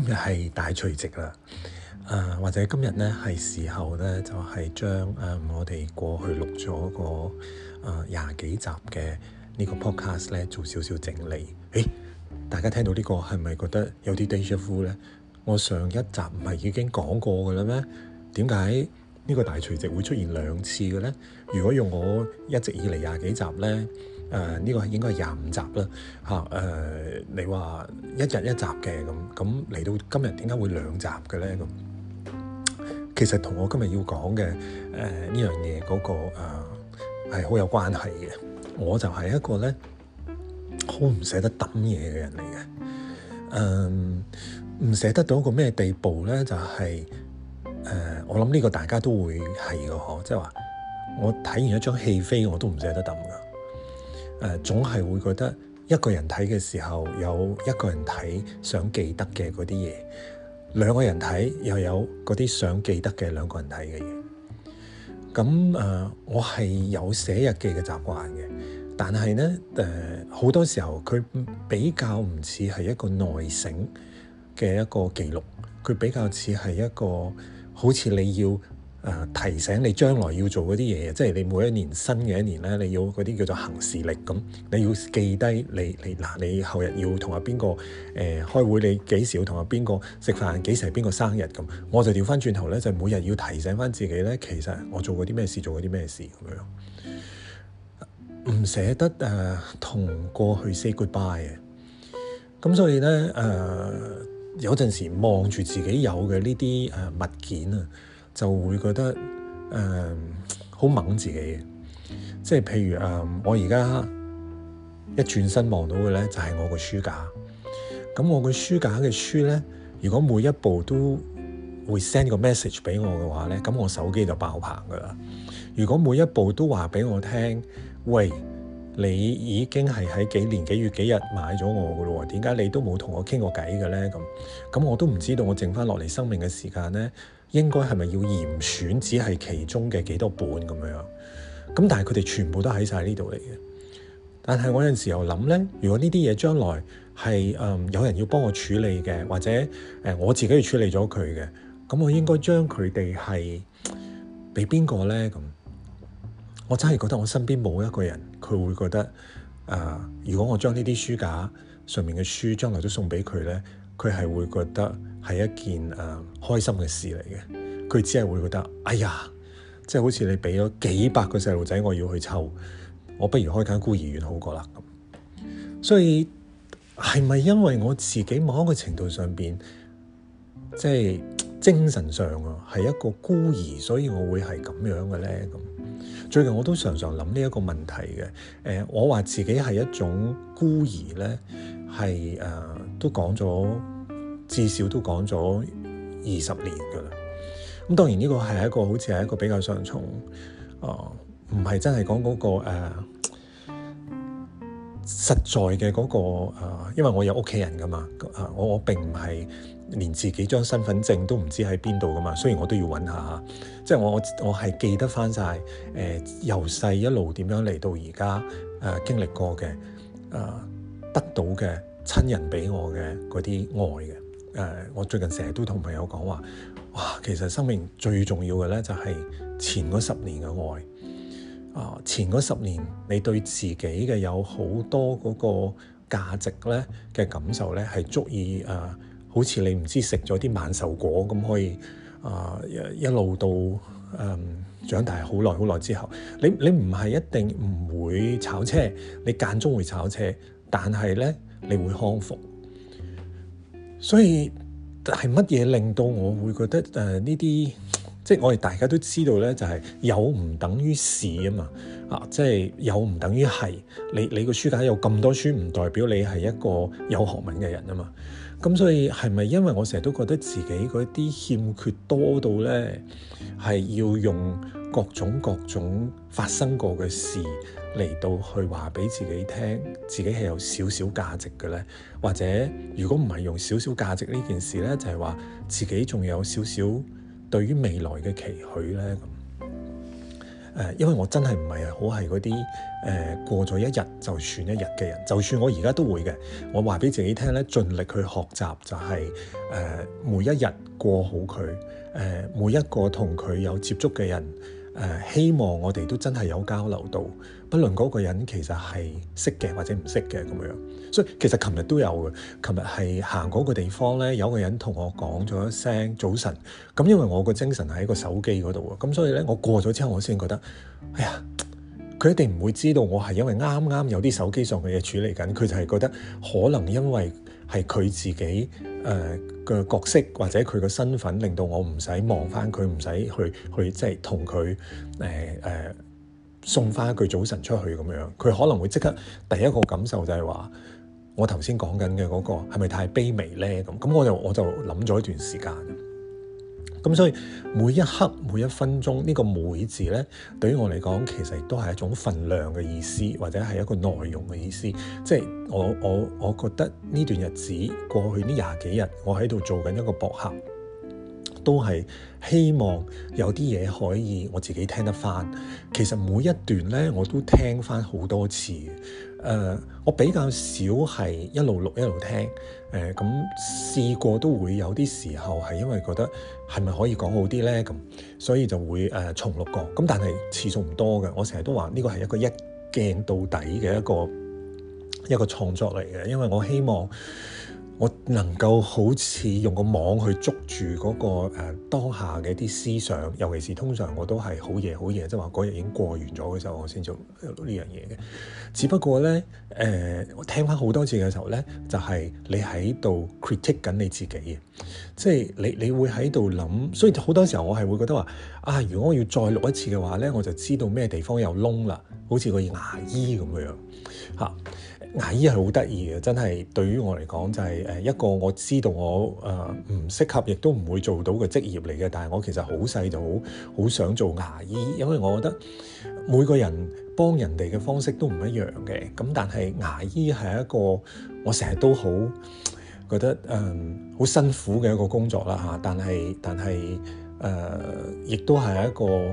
今日係大除夕啦，誒、呃，或者今日呢係時候呢，就係將誒我哋過去錄咗個廿幾、呃、集嘅呢個 podcast 呢做少少整理。誒、欸，大家聽到呢、這個係咪覺得有啲 déjà vu 呢？我上一集唔係已經講過嘅啦咩？點解呢個大除夕會出現兩次嘅呢？如果用我一直以嚟廿幾集呢。誒呢、uh, 個應該係廿五集啦嚇。誒、uh, 你話一日一集嘅咁，咁嚟到今日點解會兩集嘅咧？咁其實同我今日要講嘅誒呢樣嘢嗰個誒係好有關係嘅。我就係一個咧好唔捨得抌嘢嘅人嚟嘅。嗯，唔捨得到一個咩地步咧？就係、是、誒、uh, 我諗呢個大家都會係嘅，嗬，即係話我睇完一張戲飛我都唔捨得抌㗎。誒總係會覺得一個人睇嘅時候有一個人睇想記得嘅嗰啲嘢，兩個人睇又有嗰啲想記得嘅兩個人睇嘅嘢。咁誒、呃，我係有寫日記嘅習慣嘅，但係呢，誒、呃、好多時候佢比較唔似係一個內省嘅一個記錄，佢比較似係一個好似你要。呃、提醒你將來要做嗰啲嘢，即係你每一年新嘅一年呢，你要嗰啲叫做行事曆咁，你要記低你你嗱，你後日要同阿邊個誒、呃、開會，你幾時要同阿邊個食飯，幾時係邊個生日咁。我就調翻轉頭呢，就每日要提醒翻自己呢。其實我做過啲咩事，做過啲咩事咁樣，唔、啊、捨得誒、呃、同過去 say goodbye 嘅、啊。咁所以呢，誒、呃、有陣時望住自己有嘅呢啲物件啊。就會覺得誒好掹自己嘅，即係譬如誒、呃，我而家一轉身望到嘅咧，就係我個書架。咁我個書架嘅書咧，如果每一部都會 send 個 message 俾我嘅話咧，咁我手機就爆棚㗎喇。如果每一部都話俾我聽，喂，你已經係喺幾年幾月幾日買咗我㗎咯？點解你都冇同我傾過偈嘅咧？咁咁我都唔知道，我剩返落嚟生命嘅時間咧。應該係咪要嚴選只係其中嘅幾多本咁樣？咁但係佢哋全部都喺晒呢度嚟嘅。但係我有陣時又諗咧，如果呢啲嘢將來係誒、呃、有人要幫我處理嘅，或者誒、呃、我自己要處理咗佢嘅，咁我應該將佢哋係俾邊個咧？咁我真係覺得我身邊冇一個人，佢會覺得誒、呃，如果我將呢啲書架上面嘅書將來都送俾佢咧。佢係會覺得係一件誒、啊、開心嘅事嚟嘅，佢只係會覺得，哎呀，即係好似你俾咗幾百個細路仔我要去湊，我不如開間孤兒院好過啦咁。所以係咪因為我自己某一個程度上邊，即係精神上啊係一個孤兒，所以我會係咁樣嘅呢？咁？最近我都常常諗呢一個問題嘅，誒、欸，我話自己係一種孤兒呢。係誒、啊，都講咗，至少都講咗二十年㗎啦。咁當然呢個係一個好似係一個比較上從，啊，唔係真係講嗰個誒、啊，實在嘅嗰、嗰個、啊、因為我有屋企人㗎嘛，啊，我我並唔係連自己張身份證都唔知喺邊度㗎嘛，雖然我都要揾下，啊、即係我我我係記得翻晒誒，由、啊、細一路點樣嚟到而家誒經歷過嘅誒。啊得到嘅親人俾我嘅嗰啲愛嘅，誒、呃，我最近成日都同朋友講話，哇，其實生命最重要嘅咧，就係、是、前嗰十年嘅愛啊、呃。前嗰十年你對自己嘅有好多嗰個價值咧嘅感受咧，係足以誒、呃，好似你唔知食咗啲萬壽果咁，可以啊、呃，一路到誒、呃、長大好耐好耐之後，你你唔係一定唔會炒車，你間中會炒車。但係咧，你會康復，所以係乜嘢令到我會覺得誒呢啲，即係我哋大家都知道咧，就係、是、有唔等於事啊嘛，啊，即係有唔等於係你你個書架有咁多書，唔代表你係一個有學問嘅人啊嘛，咁所以係咪因為我成日都覺得自己嗰啲欠缺多到咧，係要用各種各種發生過嘅事？嚟到去話俾自己聽，自己係有少少價值嘅呢？或者如果唔係用少少價值呢件事呢，就係、是、話自己仲有少少對於未來嘅期許呢。咁、嗯。因為我真係唔係好係嗰啲誒過咗一日就算一日嘅人。就算我而家都會嘅，我話俾自己聽呢，盡力去學習就係、是呃、每一日過好佢、呃、每一個同佢有接觸嘅人、呃、希望我哋都真係有交流到。不論嗰個人其實係識嘅或者唔識嘅咁樣，所以其實琴日都有嘅。琴日係行嗰個地方咧，有個人同我講咗聲早晨。咁因為我個精神喺個手機嗰度啊，咁所以咧我過咗之後，我先覺得，哎呀，佢一定唔會知道我係因為啱啱有啲手機上嘅嘢處理緊，佢就係覺得可能因為係佢自己誒嘅、呃、角色或者佢嘅身份，令到我唔使望翻佢，唔使去去即係同佢誒誒。送翻一句早晨出去咁樣，佢可能會即刻第一個感受就係話：我頭先講緊嘅嗰個係咪太卑微呢？咁咁我就我就諗咗一段時間。咁所以每一刻每一分鐘呢、這個每字呢，對於我嚟講其實都係一種份量嘅意思，或者係一個內容嘅意思。即係我我我覺得呢段日子過去呢廿幾日，我喺度做緊一個博客。都係希望有啲嘢可以我自己聽得返。其實每一段呢，我都聽返好多次。誒、呃，我比較少係一路錄一路聽。咁、呃、試過都會有啲時候係因為覺得係咪可以講好啲呢？咁，所以就會誒、呃、重錄過。咁但係次數唔多嘅。我成日都話呢個係一個一鏡到底嘅一個一個創作嚟嘅，因為我希望，我能夠好似用個網去捉住嗰、那個誒、呃、當下嘅一啲思想，尤其是通常我都係好夜好夜，即係話嗰日已經過完咗嘅時候，我先做呢樣嘢嘅。只不過呢，誒、呃、我聽翻好多次嘅時候呢，就係、是、你喺度 critique 緊你自己嘅，即係你你會喺度諗，所以好多時候我係會覺得話啊，如果我要再錄一次嘅話呢，我就知道咩地方有窿啦，好似個牙醫咁樣嚇。啊牙醫係好得意嘅，真係對於我嚟講就係誒一個我知道我誒唔適合，亦都唔會做到嘅職業嚟嘅。但係我其實好細就好好想做牙醫，因為我覺得每個人幫人哋嘅方式都唔一樣嘅。咁但係牙醫係一個我成日都好覺得誒好辛苦嘅一個工作啦嚇。但係但係誒、呃、亦都係一個誒。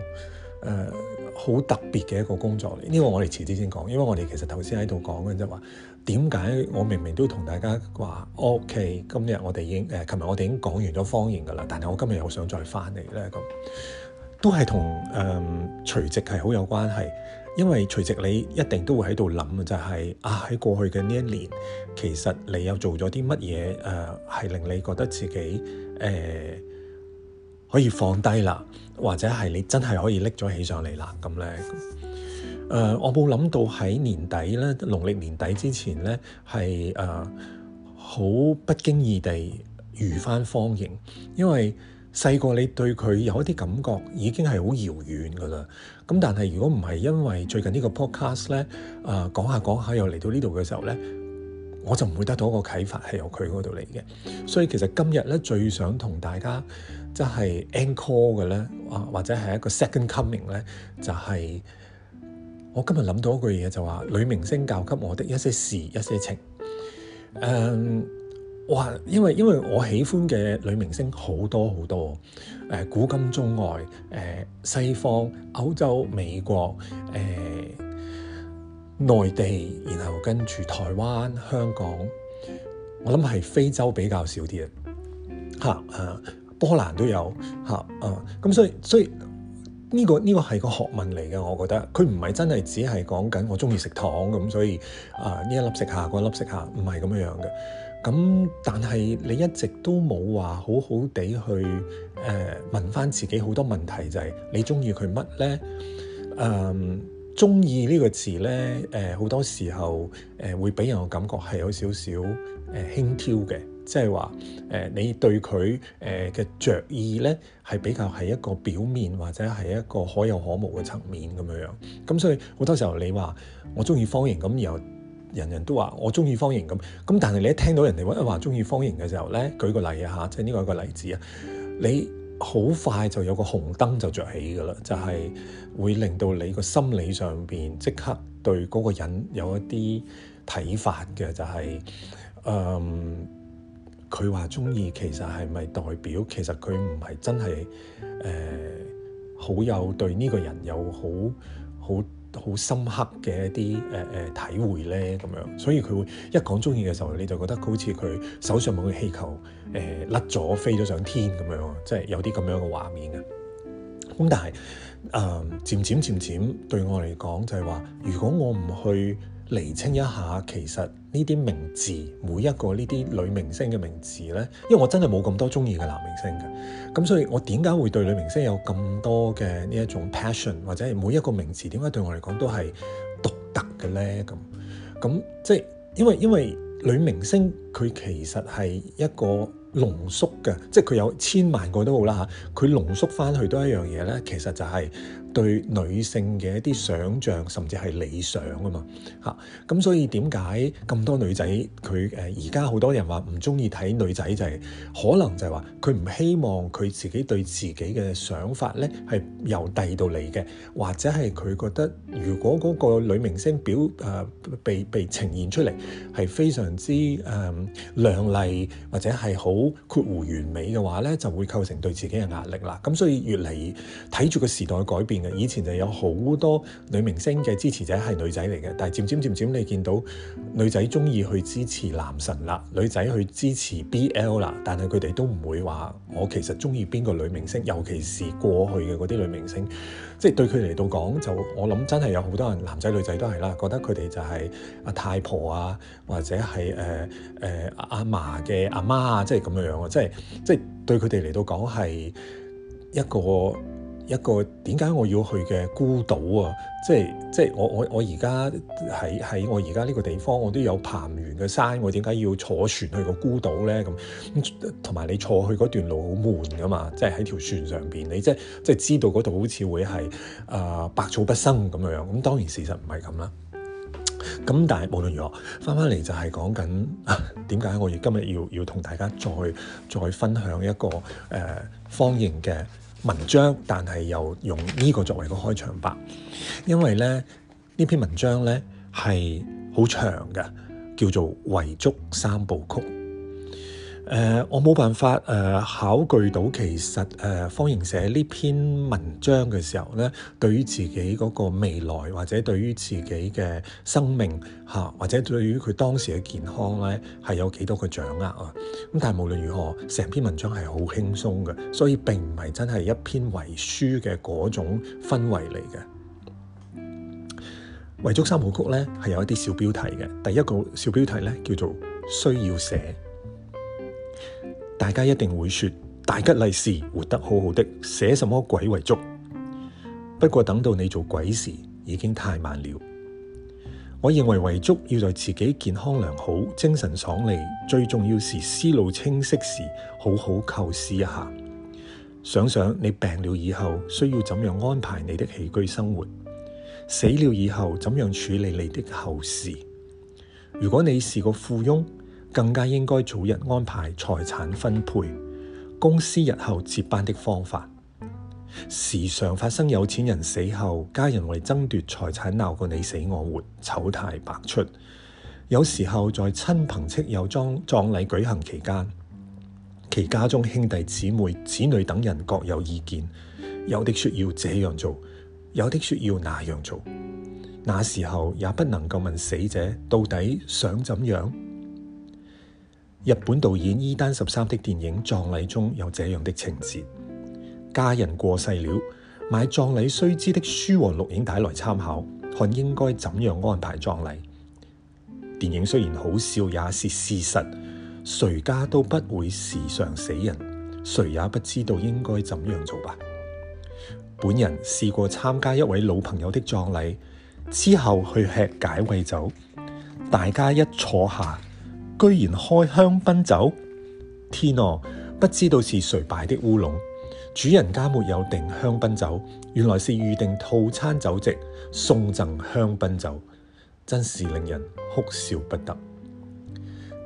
呃好特別嘅一個工作嚟，呢、這個我哋遲啲先講。因為我哋其實頭先喺度講嘅即係話，點解我明明都同大家話，OK，今日我哋已經誒，琴、呃、日我哋已經講完咗方盈㗎喇，但係我今日又想再翻嚟咧，咁都係同誒除夕係好有關係。因為除夕你一定都會喺度諗，就係、是、啊喺過去嘅呢一年，其實你又做咗啲乜嘢誒，係、呃、令你覺得自己誒？呃可以放低啦，或者係你真係可以拎咗起上嚟啦。咁咧，誒、呃，我冇諗到喺年底咧，農曆年底之前咧，係誒好不經意地遇翻方盈，因為細個你對佢有一啲感覺已經係好遙遠噶啦。咁但係如果唔係因為最近呢個 podcast 咧，誒、呃、講下講下又嚟到呢度嘅時候咧，我就唔會得到一個啟發係由佢嗰度嚟嘅。所以其實今日咧最想同大家。即係 encore 嘅咧，或或者係一個 second coming 咧，就係、是、我今日諗到嗰句嘢就話、是、女明星教給我的一些事、一些情。誒、嗯，哇！因為因為我喜歡嘅女明星好多好多，誒、呃，古今中外，誒、呃，西方、歐洲、美國，誒、呃，內地，然後跟住台灣、香港，我諗係非洲比較少啲嘅嚇啊！波蘭都有嚇啊，咁、嗯、所以所以呢、呢個呢、呢個係個學問嚟嘅，我覺得佢唔係真係只係講緊我中意食糖咁、嗯，所以啊呢一粒食下嗰一粒食下，唔係咁樣嘅。咁、嗯、但係你一直都冇話好好地去誒、呃、問翻自己好多問題，就係、是、你中意佢乜咧？誒中意呢個詞咧，誒、呃、好多時候誒、呃、會俾人嘅感覺係有少少誒輕佻嘅。呃即係話誒，你對佢誒嘅着意咧，係比較係一個表面或者係一個可有可無嘅層面咁樣樣。咁所以好多時候你話我中意方形咁，然後人人都話我中意方形咁。咁但係你一聽到人哋話中意方形嘅時候咧，舉個例啊吓，即係呢個一個例子啊，你好快就有個紅燈就着起㗎啦，就係、是、會令到你個心理上邊即刻對嗰個人有一啲睇法嘅，就係、是、誒。嗯佢話鍾意其實係咪代表，其實佢唔係真係誒、呃、好有對呢個人有好好好深刻嘅一啲誒誒體會呢咁樣，所以佢會一講鍾意嘅時候，你就覺得好似佢手上冇嘅氣球誒甩咗飛咗上天咁樣，即係有啲咁樣嘅畫面嘅。咁、嗯、但係誒、呃、漸漸漸漸對我嚟講就係、是、話，如果我唔去釐清一下，其實呢啲名字，每一個呢啲女明星嘅名字呢，因為我真係冇咁多中意嘅男明星嘅，咁所以我點解會對女明星有咁多嘅呢一種 passion，或者係每一個名字點解對我嚟講都係獨特嘅呢？咁咁即係因為因為女明星佢其實係一個濃縮嘅，即係佢有千萬個都好啦嚇，佢濃縮翻去都一樣嘢呢，其實就係、是。對女性嘅一啲想象甚至係理想嘛，啊，嘛吓，咁所以點解咁多女仔佢，誒，而家好多人話唔中意睇女仔就係、是、可能就係話佢唔希望佢自己對自己嘅想法咧係由帝到嚟嘅，或者係佢覺得如果嗰個女明星表，誒、呃、被被呈現出嚟係非常之誒亮麗或者係好括弧完美嘅話咧，就會構成對自己嘅壓力啦。咁、啊、所以越嚟越睇住個時代改變。以前就有好多女明星嘅支持者，係女仔嚟嘅，但係漸漸漸漸，你見到女仔中意去支持男神啦，女仔去支持 BL 啦，但係佢哋都唔會話，我其實中意邊個女明星，尤其是過去嘅嗰啲女明星，即係對佢嚟到講，就，我諗真係有好多人男仔女仔都係啦，覺得佢哋就係阿太婆啊，或者係誒誒阿嫲嘅阿媽啊，即係咁樣樣啊，即係即係對佢哋嚟到講，係一個。一個點解我要去嘅孤島啊？即係即係我我我而家喺喺我而家呢個地方，我都有爬唔完嘅山。我點解要坐船去個孤島咧？咁咁同埋你坐去嗰段路好悶噶嘛？即係喺條船上邊，你即即知道嗰度好似會係誒、呃、百草不生咁樣。咁、嗯、當然事實唔係咁啦。咁、嗯、但係無論如何，翻翻嚟就係講緊點解、啊、我哋今日要要同大家再再分享一個誒、呃、方盈嘅文章，但係又用呢個作為一個開場白，因為咧，呢這篇文章咧係好長嘅，叫做《遺囑三部曲》。誒，uh, 我冇辦法誒、uh, 考據到其實誒、uh, 方盈寫呢篇文章嘅時候咧，對於自己嗰個未來或者對於自己嘅生命嚇，或者對於佢、uh, 當時嘅健康咧，係有幾多嘅掌握啊？咁但係無論如何，成篇文章係好輕鬆嘅，所以並唔係真係一篇遺書嘅嗰種氛圍嚟嘅。遺囑三部曲咧係有一啲小標題嘅，第一個小標題咧叫做需要寫。大家一定會說大吉利是活得好好的，寫什麼鬼遺囑？不過等到你做鬼時已經太晚了。我認為遺囑要在自己健康良好、精神爽利，最重要是思路清晰時，好好構思一下，想想你病了以後需要怎樣安排你的起居生活，死了以後怎樣處理你的後事。如果你是個富翁。更加應該早日安排財產分配，公司日後接班的方法。時常發生有錢人死後，家人為爭奪財產鬧過你死我活，醜態百出。有時候在親朋戚友裝葬，葬禮舉行期間，其家中兄弟姊妹，姊妹、子女等人各有意見，有的說要這樣做，有的說要那樣做。那時候也不能夠問死者到底想怎樣。日本導演伊丹十三的電影《葬禮》中有這樣的情節：家人過世了，買《葬禮須知》的書和錄影帶來參考，看應該怎樣安排葬禮。電影雖然好笑，也是事實，誰家都不會時常死人，誰也不知道應該怎樣做吧。本人試過參加一位老朋友的葬禮之後去吃解穢酒，大家一坐下。居然開香檳酒？天啊，不知道是誰擺的烏龍。主人家沒有訂香檳酒，原來是預定套餐酒席送贈香檳酒，真是令人哭笑不得。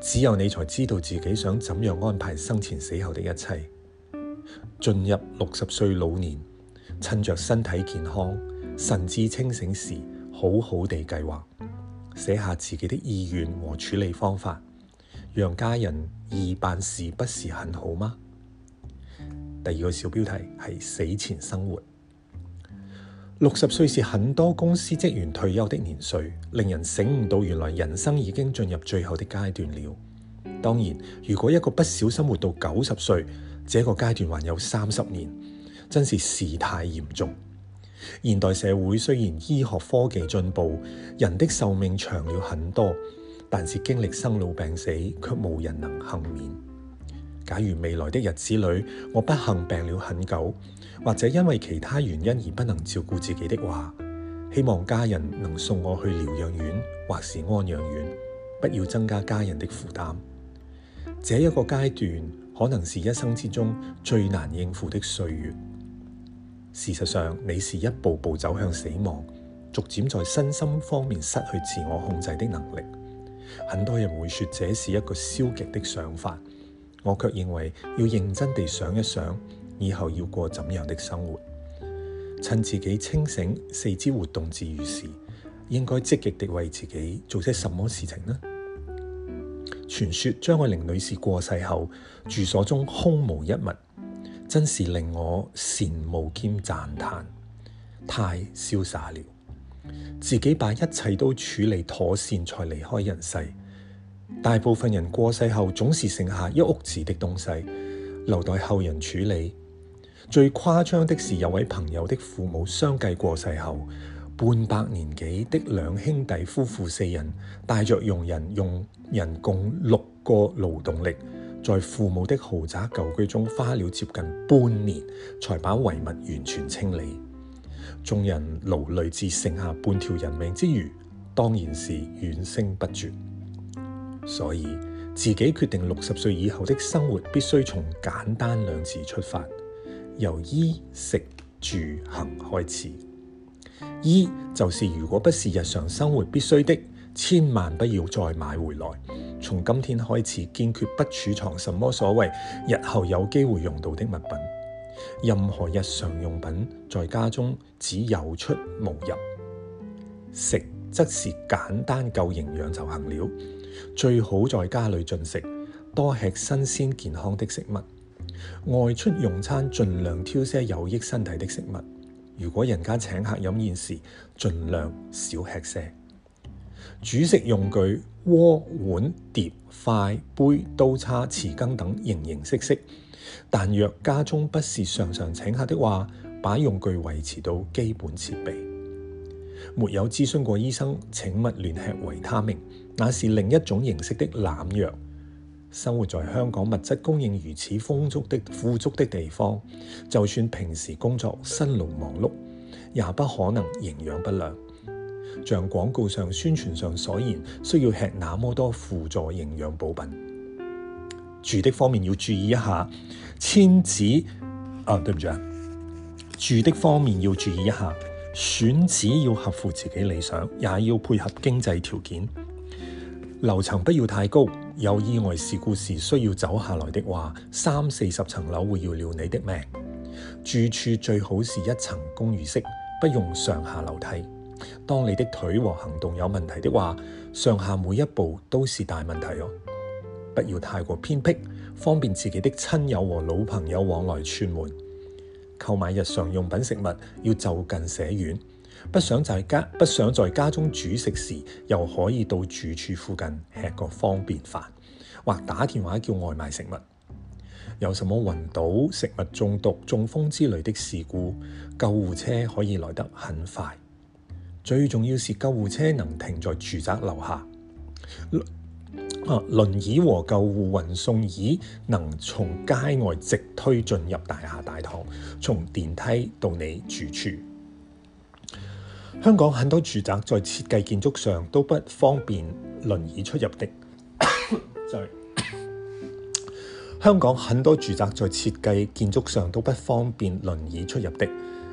只有你才知道自己想怎樣安排生前死後的一切。進入六十歲老年，趁着身體健康、神志清醒時，好好地計劃，寫下自己的意願和處理方法。讓家人易辦事不是很好嗎？第二個小標題係死前生活。六十歲是很多公司職員退休的年歲，令人醒悟到原來人生已經進入最後的階段了。當然，如果一個不小心活到九十歲，這個階段還有三十年，真是事態嚴重。現代社會雖然醫學科技進步，人的壽命長了很多。但是經歷生老病死，卻無人能幸免。假如未來的日子裏，我不幸病了很久，或者因為其他原因而不能照顧自己的話，希望家人能送我去療養院或是安養院，不要增加家人的負擔。這一個階段可能是一生之中最難應付的歲月。事實上，你是一步步走向死亡，逐漸在身心方面失去自我控制的能力。很多人會說這是一個消極的想法，我卻認為要認真地想一想，以後要過怎樣的生活？趁自己清醒、四肢活動自如時，應該積極地為自己做些什麼事情呢？傳說張愛玲女士過世後，住所中空無一物，真是令我羨慕兼讚嘆，太瀟灑了。自己把一切都處理妥善，才離開人世。大部分人過世後，總是剩下一屋子的東西，留待後人處理。最誇張的是，有位朋友的父母相繼過世後，半百年紀的兩兄弟夫婦四人，帶着傭人、傭人共六個勞動力，在父母的豪宅舊居中花了接近半年，才把遺物完全清理。眾人勞累至剩下半條人命之馀，當然是怨聲不絕。所以自己決定六十歲以後的生活必須從簡單兩字出發，由衣食住行開始。衣就是如果不是日常生活必需的，千萬不要再買回來。從今天開始，堅決不儲藏什麼所謂日後有機會用到的物品。任何日常用品在家中只有出無入，食則是簡單夠營養就行了。最好在家裏進食，多吃新鮮健康的食物。外出用餐盡量挑些有益身體的食物。如果人家請客飲宴時，盡量少吃些。煮食用具鍋、碗、碟、筷、杯、刀、叉、匙羹等形形色色。但若家中不是常常請客的話，把用具維持到基本設備。沒有諮詢過醫生，請勿亂吃維他命，那是另一種形式的濫藥。生活在香港物質供應如此豐足的富足的地方，就算平時工作辛勞忙碌，也不可能營養不良。像廣告上、宣傳上所言，需要吃那麼多輔助營養補品。住的方面要注意一下，遷址啊，對唔住啊，住的方面要注意一下，選址要合乎自己理想，也要配合經濟條件。樓層不要太高，有意外事故時需要走下來的話，三四十層樓會要了你的命。住處最好是一層公寓式，不用上下樓梯。當你的腿和行動有問題的話，上下每一步都是大問題哦。不要太過偏僻，方便自己的親友和老朋友往來串門。購買日常用品食物要就近捨遠。不想在家，不想在家中煮食時，又可以到住處附近吃個方便飯，或打電話叫外賣食物。有什麼暈倒、食物中毒、中風之類的事故，救護車可以來得很快。最重要是救護車能停在住宅樓下。啊！輪椅和救護運送椅能從街外直推進入大廈大堂，從電梯到你住處。香港很多住宅在設計建築上都不方便輪椅出入的。咳咳咳咳。香港很多住宅在設計建築上都不方便輪椅出入的。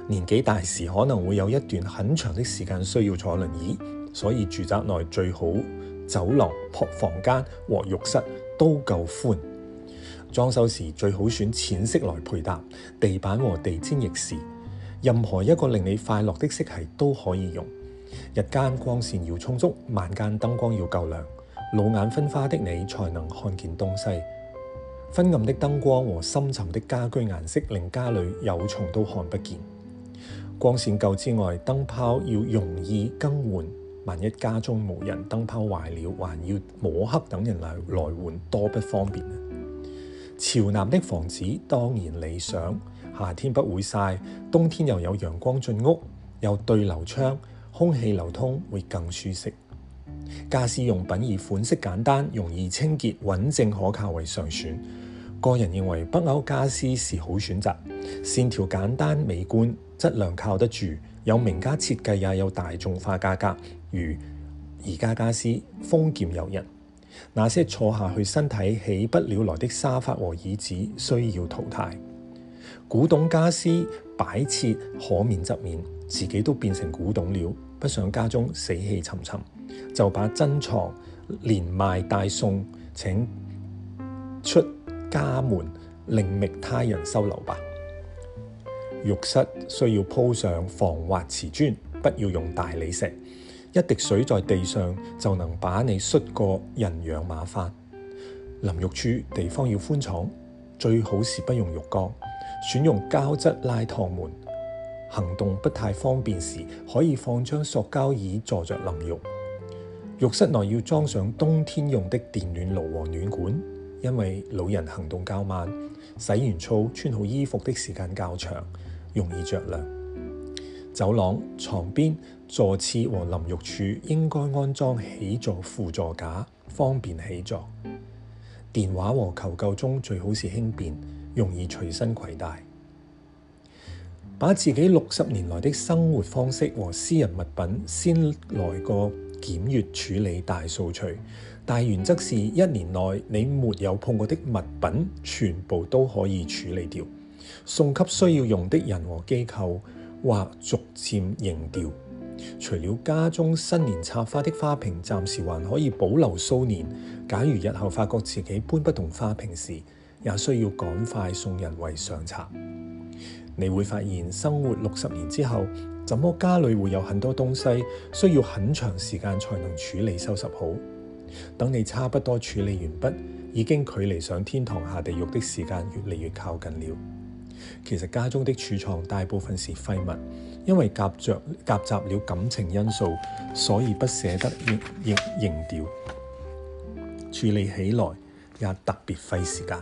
年紀大時可能會有一段很長的時間需要坐輪椅，所以住宅內最好，走廊、僕房間和浴室都夠寬。裝修時最好選淺色來配搭，地板和地氈亦是。任何一個令你快樂的色系都可以用。日間光綫要充足，晚間燈光要夠亮。老眼昏花的你才能看見東西。昏暗的燈光和深沉的家居顏色令家裏有蟲都看不見。光綫夠之外，燈泡要容易更換。萬一家中無人，燈泡壞了，還要摸黑等人嚟來換，來多不方便啊！朝南的房子當然理想，夏天不會曬，冬天又有陽光進屋，有對流窗，空氣流通會更舒適。家私用品以款式簡單、容易清潔、穩正可靠為上選。個人認為北歐家私是好選擇，線條簡單美觀，質量靠得住，有名家設計，也有大眾化價格。如宜家家私、豐儉由人，那些坐下去身體起不了來的沙發和椅子需要淘汰。古董家私擺設可免則免，自己都變成古董了，不想家中死氣沉沉，就把珍藏連賣帶送，請出家門另覓他人收留吧。浴室需要鋪上防滑瓷磚，不要用大理石。一滴水在地上就能把你摔過人仰馬翻。淋浴處地方要寬敞，最好是不用浴缸，選用膠質拉趟門。行動不太方便時，可以放張塑膠椅坐着淋浴。浴室內要裝上冬天用的電暖爐和暖，暖管，因為老人行動較慢，洗完澡穿好衣服的時間較長，容易着涼。走廊、床邊、座廁和淋浴處應該安裝起坐輔助架，方便起坐。電話和求救中最好是輕便，容易隨身攜帶。把自己六十年來的生活方式和私人物品先來個檢閱處理大掃除，大原則是一年內你沒有碰過的物品，全部都可以處理掉，送給需要用的人和機構。或逐漸扔掉，除了家中新年插花的花瓶，暫時還可以保留數年。假如日後發覺自己搬不動花瓶時，也需要趕快送人為上策。你會發現生活六十年之後，怎麼家裡會有很多東西需要很長時間才能處理收拾好？等你差不多處理完畢，已經距離上天堂下地獄的時間越嚟越靠近了。其實家中的儲藏大部分是廢物，因為夾着夾雜了感情因素，所以不捨得扔扔扔掉，處理起來也特別費時間。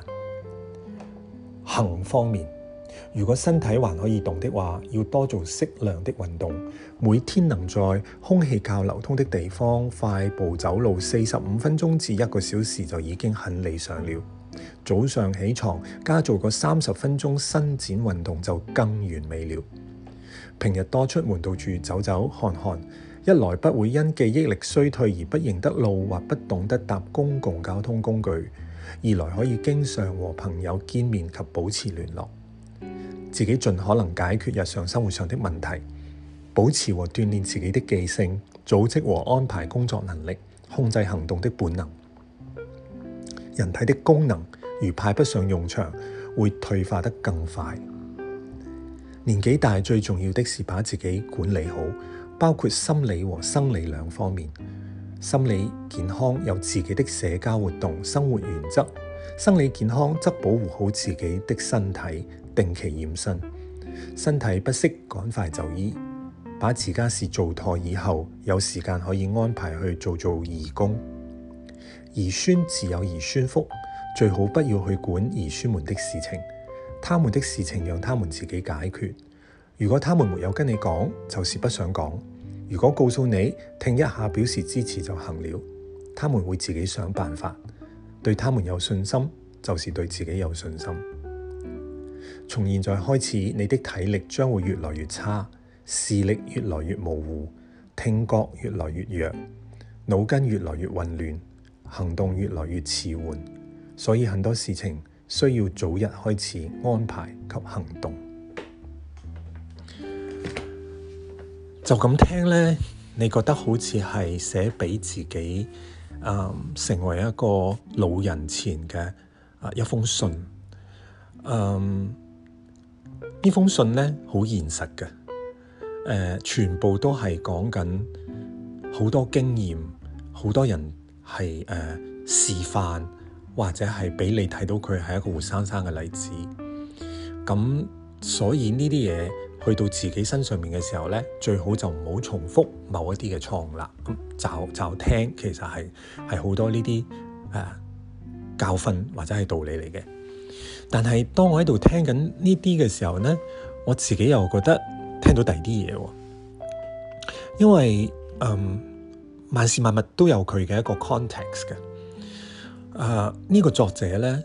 行方面，如果身體還可以動的話，要多做適量的運動，每天能在空氣較流通的地方快步走路四十五分鐘至一個小時就已經很理想了。早上起床加做個三十分鐘伸展運動就更完美了。平日多出門到處走走看看，一來不會因記憶力衰退而不認得路或不懂得搭公共交通工具，二來可以經常和朋友見面及保持聯絡。自己盡可能解決日常生活上的問題，保持和鍛鍊自己的記性、組織和安排工作能力，控制行動的本能。人體的功能如派不上用場，會退化得更快。年紀大最重要的是把自己管理好，包括心理和生理兩方面。心理健康有自己的社交活動、生活原則；生理健康則保護好自己的身體，定期驗身。身體不適，趕快就醫。把自家事做妥以後，有時間可以安排去做做義工。兒孫自有兒孫福，最好不要去管兒孫們的事情，他們的事情讓他們自己解決。如果他們沒有跟你講，就是不想講；如果告訴你，聽一下表示支持就行了。他們會自己想辦法，對他們有信心，就是對自己有信心。從現在開始，你的體力將會越來越差，視力越來越模糊，聽覺越來越弱，腦筋越來越混亂。行動越來越遲緩，所以很多事情需要早日開始安排及行動。就咁聽呢，你覺得好似係寫俾自己、呃，成為一個老人前嘅、呃、一封信。嗯、呃，呢封信呢，好現實嘅、呃，全部都係講緊好多經驗，好多人。係誒、呃、示範或者係俾你睇到佢係一個活生生嘅例子，咁所以呢啲嘢去到自己身上面嘅時候咧，最好就唔好重複某一啲嘅錯誤啦。咁就就聽其實係係好多呢啲誒教訓或者係道理嚟嘅。但係當我喺度聽緊呢啲嘅時候咧，我自己又覺得聽到第二啲嘢喎，因為嗯。萬事萬物都有佢嘅一個 context 嘅。誒、呃、呢、這個作者呢，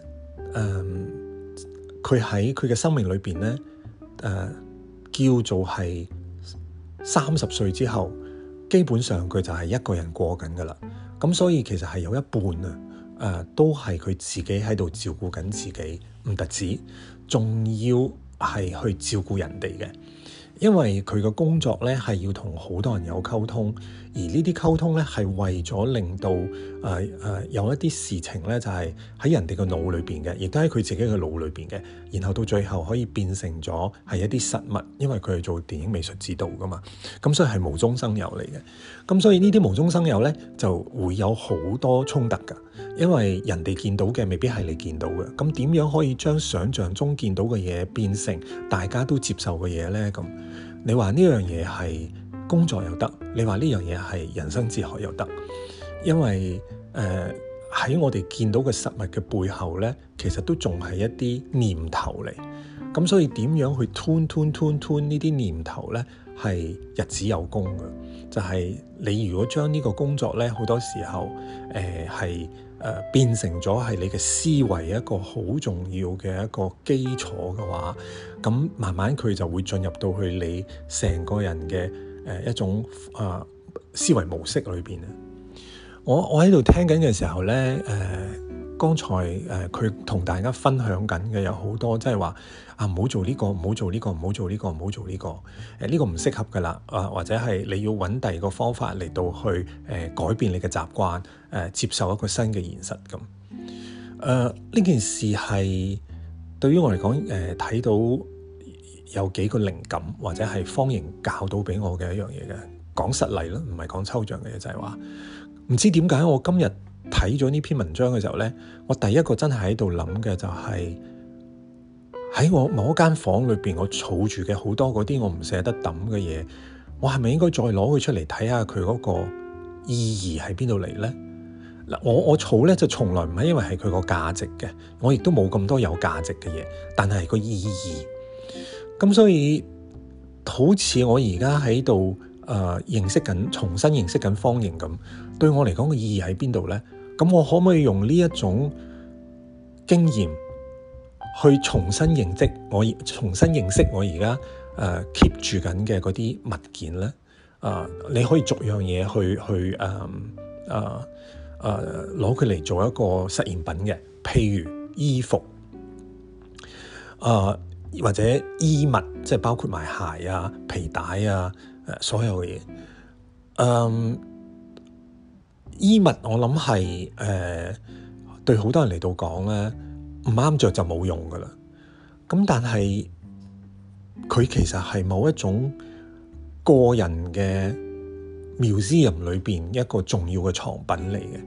誒佢喺佢嘅生命裏邊呢，誒、呃、叫做係三十歲之後，基本上佢就係一個人過緊噶啦。咁、嗯、所以其實係有一半啊，誒、呃、都係佢自己喺度照顧緊自己，唔特止，仲要係去照顧人哋嘅，因為佢嘅工作呢係要同好多人有溝通。而呢啲溝通呢，係為咗令到誒誒、呃呃、有一啲事情呢，就係、是、喺人哋嘅腦裏邊嘅，亦都喺佢自己嘅腦裏邊嘅，然後到最後可以變成咗係一啲實物，因為佢係做電影美術指導㗎嘛，咁所以係無中生有嚟嘅。咁所以呢啲無中生有呢，就會有好多衝突㗎，因為人哋見到嘅未必係你見到嘅。咁點樣可以將想像中見到嘅嘢變成大家都接受嘅嘢呢？咁你話呢樣嘢係工作又得，你話呢樣嘢係人生哲學又得，因為誒喺、呃、我哋見到嘅實物嘅背後咧，其實都仲係一啲念頭嚟。咁所以點樣去吞吞吞吞呢啲念頭咧？係日子有功嘅，就係、是、你如果將呢個工作咧，好多時候誒，係、呃、誒、呃、變成咗係你嘅思維一個好重要嘅一個基礎嘅話，咁慢慢佢就會進入到去你成個人嘅。誒一種啊思維模式裏邊啊，我我喺度聽緊嘅時候咧，誒剛才誒佢同大家分享緊嘅有好多，即係話啊唔好做呢個，唔好做呢個，唔好做呢個，唔好做呢個，誒呢個唔適合噶啦啊，或者係你要揾第二個方法嚟到去誒改變你嘅習慣，誒接受一個新嘅現實咁。誒呢件事係對於我嚟講誒睇到，有幾個靈感或者係方盈教到畀我嘅一樣嘢嘅講實例咯，唔係講抽象嘅嘢就係話唔知點解我今日睇咗呢篇文章嘅時候咧，我第一個真係喺度諗嘅就係，喺我某一間房裏邊，我儲住嘅好多嗰啲我唔捨得抌嘅嘢，我係咪應該再攞佢出嚟睇下佢嗰個意義喺邊度嚟咧？嗱，我我儲咧就從來唔係因為係佢個價值嘅，我亦都冇咁多有價值嘅嘢，但係個意義。咁所以，好似我而家喺度，誒、呃、認識緊，重新認識緊方盈咁，對我嚟講嘅意義喺邊度咧？咁我可唔可以用呢一種經驗去重新認識我，重新認識我而家誒 keep 住緊嘅嗰啲物件咧？啊、呃，你可以逐樣嘢去去誒誒誒攞佢嚟做一個實驗品嘅，譬如衣服，誒、呃。或者衣物，即係包括埋鞋啊、皮帶啊、誒、呃、所有嘅嘢。嗯、呃，衣物我諗係誒對好多人嚟到講咧，唔、呃、啱着就冇用噶啦。咁、呃、但係佢其實係某一種個人嘅 museum 裏邊一個重要嘅藏品嚟嘅，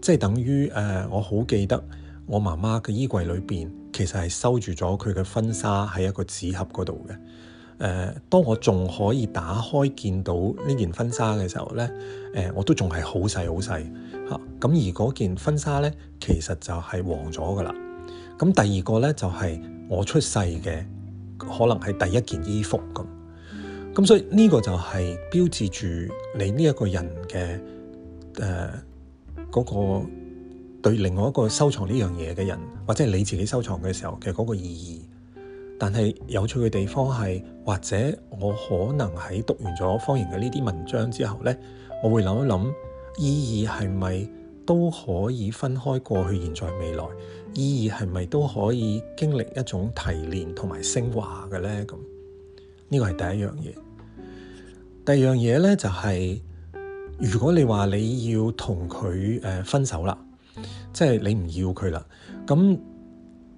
即係等於誒、呃、我好記得我媽媽嘅衣櫃裏邊。其實係收住咗佢嘅婚紗喺一個紙盒嗰度嘅。誒、呃，當我仲可以打開見到呢件婚紗嘅時候咧，誒、呃，我都仲係好細好細吓。咁、啊、而嗰件婚紗咧，其實就係黃咗㗎喇。咁、啊、第二個咧就係、是、我出世嘅，可能係第一件衣服咁。咁所以呢個就係標誌住你呢一個人嘅誒嗰個。對另外一個收藏呢樣嘢嘅人，或者你自己收藏嘅時候，嘅嗰個意義。但係有趣嘅地方係，或者我可能喺讀完咗方盈嘅呢啲文章之後呢，我會諗一諗意義係咪都可以分開過去、現在、未來？意義係咪都可以經歷一種提煉同埋升華嘅呢？咁呢、這個係第一樣嘢。第二樣嘢呢，就係、是，如果你話你要同佢誒分手啦。即係你唔要佢啦，咁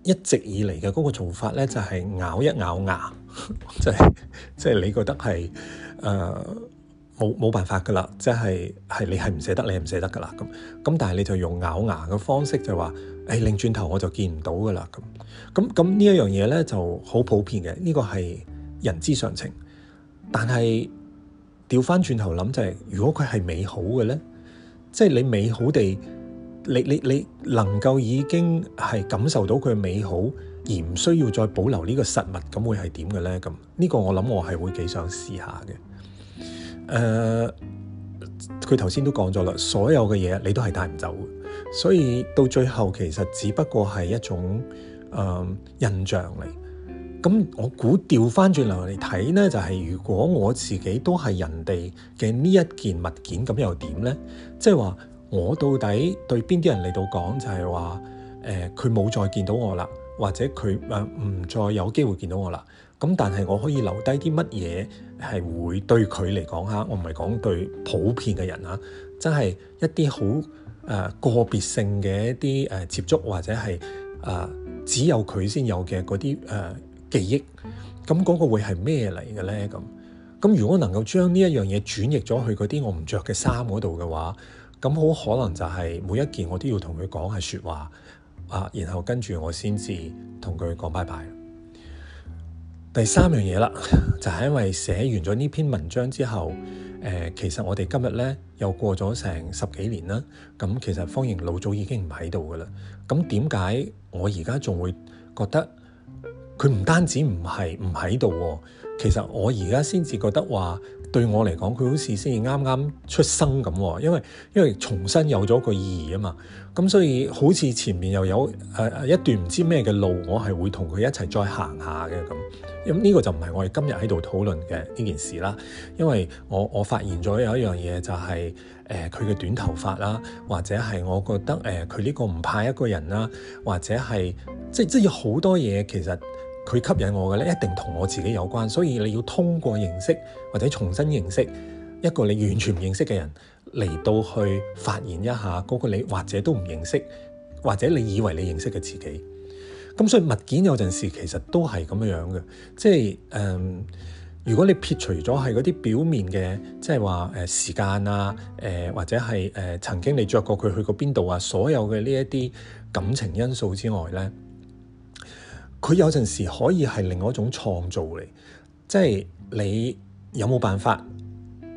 一直以嚟嘅嗰個做法咧，就係、是、咬一咬牙， 就係即係你覺得係誒冇冇辦法噶啦，即係係你係唔捨得，你係唔捨得噶啦咁。咁但係你就用咬牙嘅方式就話，誒擰轉頭我就見唔到噶啦咁。咁咁呢一樣嘢咧就好普遍嘅，呢、這個係人之常情。但係調翻轉頭諗就係、是，如果佢係美好嘅咧，即係你美好地。你你你能夠已經係感受到佢美好，而唔需要再保留呢個實物，咁會係點嘅咧？咁呢個我諗我係會幾想試下嘅。誒、呃，佢頭先都講咗啦，所有嘅嘢你都係帶唔走嘅，所以到最後其實只不過係一種誒、呃、印象嚟。咁我估調翻轉嚟嚟睇咧，就係、是、如果我自己都係人哋嘅呢一件物件，咁又點咧？即係話。我到底對邊啲人嚟到講，就係話誒，佢冇再見到我啦，或者佢誒唔再有機會見到我啦。咁但係我可以留低啲乜嘢係會對佢嚟講嚇，我唔係講對普遍嘅人嚇、啊，真係一啲好誒個別性嘅一啲誒、呃、接觸或者係誒、呃、只有佢先有嘅嗰啲誒記憶。咁、那、嗰個會係咩嚟嘅咧？咁咁如果能夠將呢一樣嘢轉譯咗去嗰啲我唔着嘅衫嗰度嘅話。咁好可能就係每一件我都要同佢講下說話啊，然後跟住我先至同佢講拜拜。第三樣嘢啦，就係、是、因為寫完咗呢篇文章之後，誒、呃，其實我哋今日咧又過咗成十幾年啦。咁、嗯、其實方盈老早已經唔喺度噶啦。咁點解我而家仲會覺得佢唔單止唔係唔喺度？其實我而家先至覺得話對我嚟講，佢好似先至啱啱出生咁，因為因為重新有咗個意義啊嘛。咁所以好似前面又有誒、呃、一段唔知咩嘅路，我係會同佢一齊再行下嘅咁。咁呢個就唔係我哋今日喺度討論嘅呢件事啦。因為我我發現咗有一樣嘢就係誒佢嘅短頭髮啦，或者係我覺得誒佢呢個唔怕一個人啦，或者係即即有好多嘢其實。佢吸引我嘅咧，一定同我自己有關。所以你要通過認識或者重新認識一個你完全唔認識嘅人嚟到去發現一下嗰個你或者都唔認識，或者你以為你認識嘅自己。咁所以物件有陣時其實都係咁樣嘅，即係誒、嗯，如果你撇除咗係嗰啲表面嘅，即係話誒時間啊，誒、呃、或者係誒、呃、曾經你着過佢，去過邊度啊，所有嘅呢一啲感情因素之外咧。佢有陣時可以係另外一種創造嚟，即係你有冇辦法？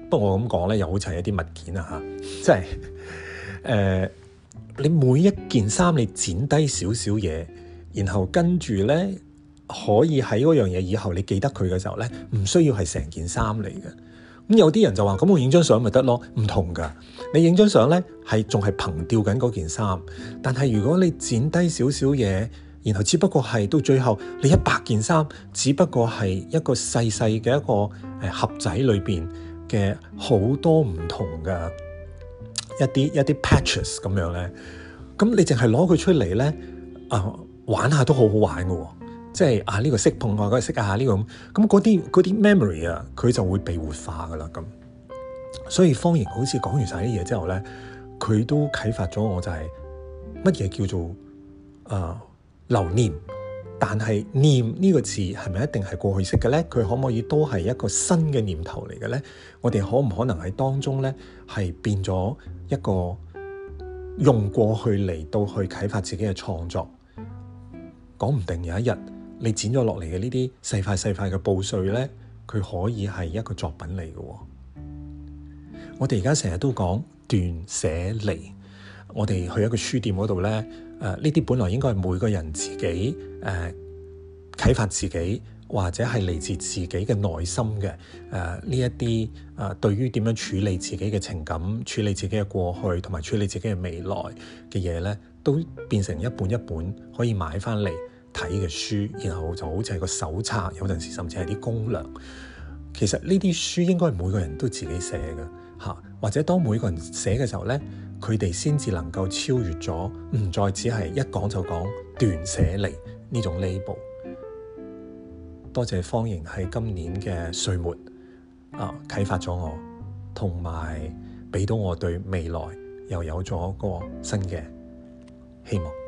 不過我咁講咧，又好似係一啲物件啊吓，即係誒、呃、你每一件衫你剪低少少嘢，然後跟住咧可以喺嗰樣嘢以後你記得佢嘅時候咧，唔需要係成件衫嚟嘅。咁、嗯、有啲人就話：咁、嗯、我影張相咪得咯？唔同㗎，你影張相咧係仲係憑吊緊嗰件衫，但係如果你剪低少少嘢。然後只不過係到最後，你一百件衫，只不過係一個細細嘅一個誒盒仔裏邊嘅好多唔同嘅一啲一啲 patches 咁樣咧。咁你淨係攞佢出嚟咧，啊玩下都好好玩㗎喎、哦。即係啊，呢、這個色碰外嗰色啊，呢、這個咁咁嗰啲啲 memory 啊，佢、這個啊這個啊啊、就會被活化㗎喇。咁所以方盈好似講完晒啲嘢之後咧，佢都啟發咗我、就是，就係乜嘢叫做啊？留念，但係念呢個字係咪一定係過去式嘅呢？佢可唔可以都係一個新嘅念頭嚟嘅呢？我哋可唔可能喺當中呢，係變咗一個用過去嚟到去啟發自己嘅創作？講唔定有一日你剪咗落嚟嘅呢啲細塊細塊嘅布碎呢，佢可以係一個作品嚟嘅喎。我哋而家成日都講斷捨離，我哋去一個書店嗰度呢。誒呢啲本來應該係每個人自己誒、呃、啟發自己，或者係嚟自自己嘅內心嘅誒呢一啲誒對於點樣處理自己嘅情感、處理自己嘅過去同埋處理自己嘅未來嘅嘢咧，都變成一本一本可以買翻嚟睇嘅書，然後就好似係個手冊，有陣時甚至係啲攻略。其實呢啲書應該係每個人都自己寫嘅嚇、啊，或者當每個人寫嘅時候咧。佢哋先至能夠超越咗，唔再只係一講就講斷捨離呢種 label。多謝方盈喺今年嘅歲末啊，啟發咗我，同埋畀到我對未來又有咗一個新嘅希望。